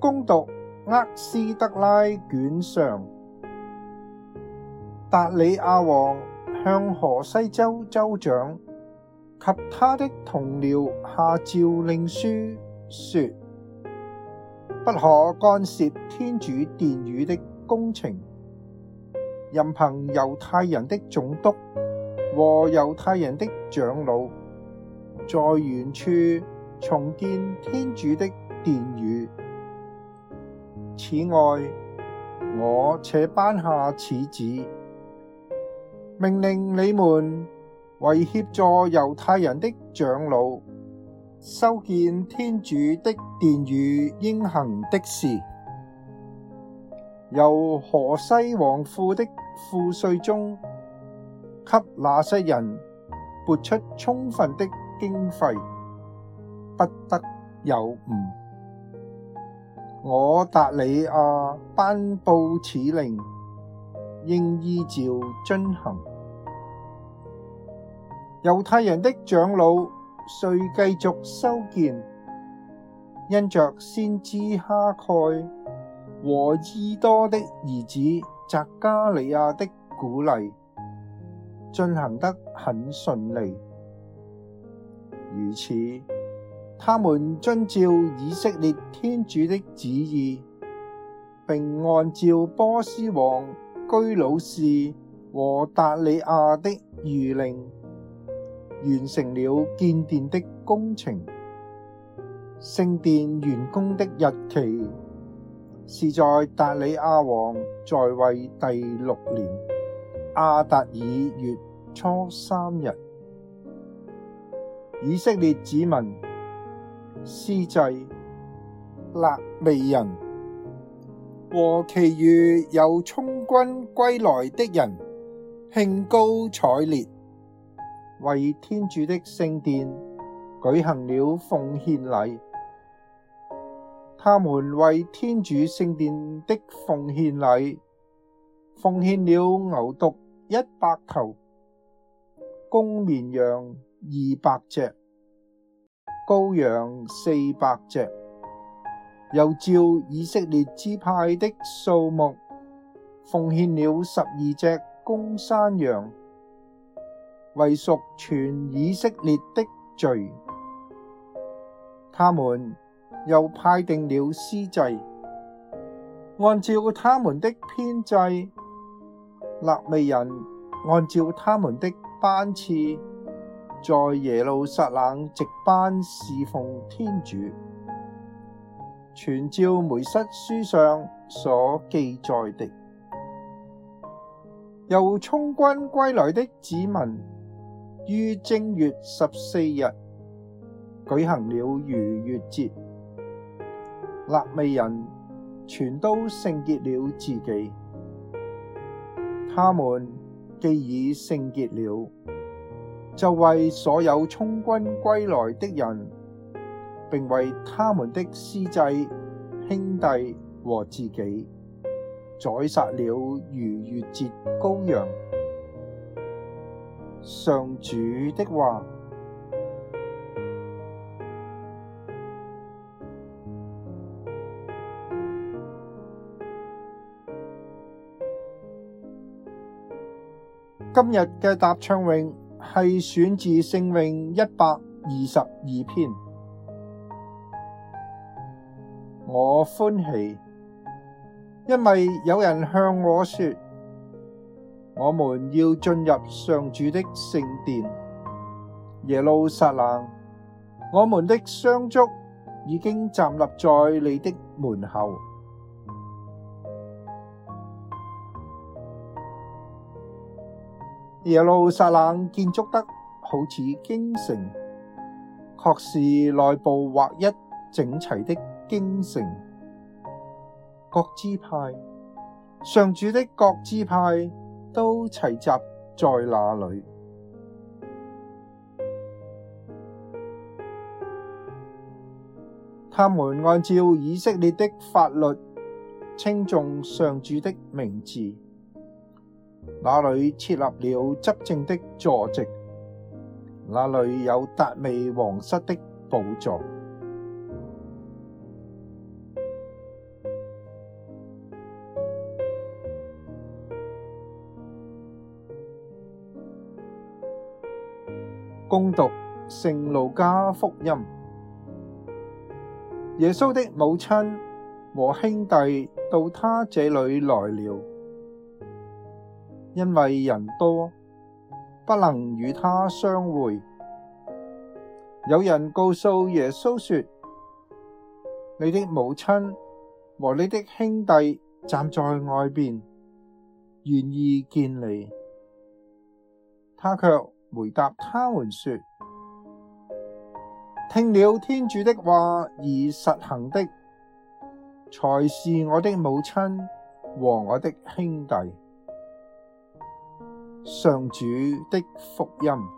恭讀厄斯德拉卷上，達理阿王向河西州州長及他的同僚下召令書，說：不可干涉天主殿宇的工程，任憑猶太人的總督和猶太人的長老在原處重建天主的殿宇。此外，我且頒下此旨，命令你們為協助猶太人的長老修建天主的殿宇應行的事，由河西王庫的賦稅中，給那些人撥出充分的經費，不得有誤。我達理阿頒布此令，應依照遵行。猶太人的長老遂繼續修建，因着先知哈蓋和依多的兒子匝加利亞的鼓勵，進行得很順利。如此。他們遵照以色列天主的旨意，並按照波斯王居魯士和達里亞的諭令，完成了建殿的工程。聖殿完工的日期，是在達里亞王在位第六年，阿達爾月初三日。以色列子民。司祭、肋未人和其餘由充軍歸來的人興高采烈，為天主的聖殿舉行了奉獻禮。他們為天主聖殿的奉獻禮，奉獻了牛犢一百頭，公綿羊二百隻。羔羊四百隻，又照以色列支派的數目，奉獻了十二隻公山羊，為贖全以色列的罪。他們又派定了司祭，按照他們的編制，肋未人按照他們的班次。在耶路撒冷值班侍奉天主，全照梅瑟書上所記載的。由充軍歸來的子民，於正月十四日舉行了逾越節，肋未人全都聖潔了自己，他們既已聖潔了。就為所有充軍歸來的人，並為他們的司祭、兄弟和自己，宰殺了逾越節羔羊。上主的話：今日嘅答唱詠。係選自聖詠一百二十二篇，我歡喜，因為有人向我說，我們要進入上主的聖殿。耶路撒冷，我們的雙足已經站立在你的門口。耶路撒冷建築得好似京城，確是內部劃一整齊的京城。各支派，上主的各支派都齊集在那裏。他們按照以色列的法律稱頌上主的名字。那裏設立了執政的座席，那裏有達味王室的寶座。恭讀《聖路加福音》，耶穌的母親和兄弟到他這裏來了。因為人多，不能與他相會。有人告訴耶穌說：你的母親和你的兄弟站在外邊，願意見你。他却回答他們說：聽了天主的話而實行的，才是我的母親和我的兄弟。上主的福音。